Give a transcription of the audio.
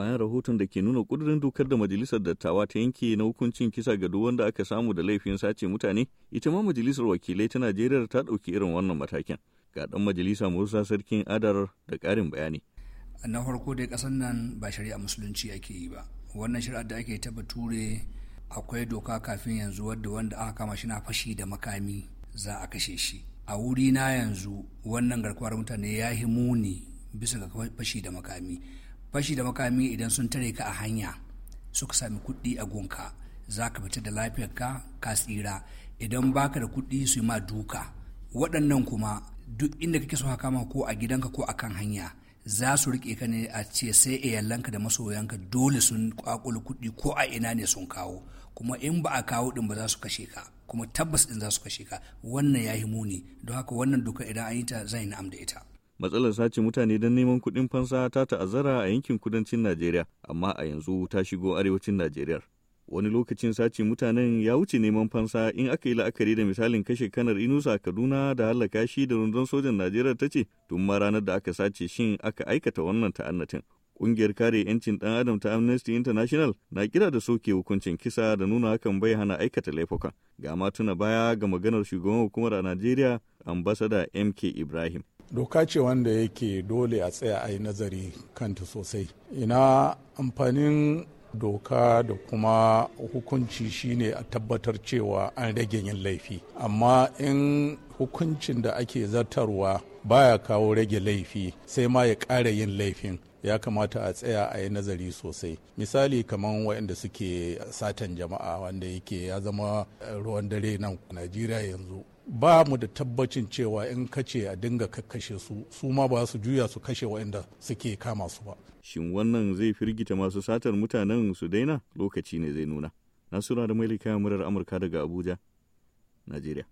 bayan rahoton da ke nuna kudurin dokar da majalisar dattawa ta yanke na hukuncin kisa ga duk wanda aka samu da laifin sace mutane ita ma majalisar wakilai ta najeriya ta ɗauki irin wannan matakin ga ɗan majalisa musa sarkin adar da karin bayani na farko dai ƙasar nan ba shari'a musulunci ake yi ba wannan shari'a da ake ta bature akwai doka kafin yanzu wadda wanda aka kama shi na fashi da makami za a kashe shi a wuri na yanzu wannan garkuwar mutane ya himuni muni bisa ga fashi da makami fashi da makami idan sun tare ka a hanya suka sami kuɗi a gonka za ka fita da lafiyarka ka tsira idan baka da kuɗi su yi ma duka waɗannan kuma duk inda kake so ma ko a gidanka ko a kan hanya za su riƙe ka ne a ce sai iyalanka da masoyanka dole sun ƙwaƙul kuɗi ko a ina ne sun kawo kuma in ba a kawo ɗin ba za su kashe ka kuma tabbas ɗin za su kashe ka wannan ya yi muni don haka wannan doka idan an yi ta zai yi na'am da ita matsalar sace mutane don neman kuɗin fansa ta ta'azzara a yankin kudancin Najeriya, amma a yanzu ta shigo arewacin Najeriya. Wani lokacin sace mutanen ya wuce neman fansa in aka yi la'akari da misalin kashe kanar Inusa Kaduna da hallaka shi da rundun sojan Najeriya ta ce, tun ma ranar da aka sace shin aka aikata wannan ta'annatin. Ƙungiyar kare 'yancin ɗan adam ta Amnesty International na kira da soke hukuncin kisa da nuna hakan bai hana aikata laifukan. Ga tuna baya ga maganar shugaban hukumar a Najeriya, ambasada MK Ibrahim. doka ce wanda yake dole a tsaya a yi nazari kanta sosai ina amfanin doka da kuma hukunci shine a tabbatar cewa an rage yin laifi amma in hukuncin da ake zartarwa baya kawo rage laifi sai ma ya ƙara yin laifin ya kamata a tsaya a yi nazari sosai misali kamar waɗanda suke satan jama'a wanda yake ya zama eh, ruwan dare nan najeriya yanzu ba mu da tabbacin cewa in kace a dinga kakkashe su su ma ba su juya su kashe waɗanda suke kama su ba shin wannan zai firgita masu satar mutanen su daina lokaci ne zai nuna nasura da mailika murar amurka daga abuja najeriya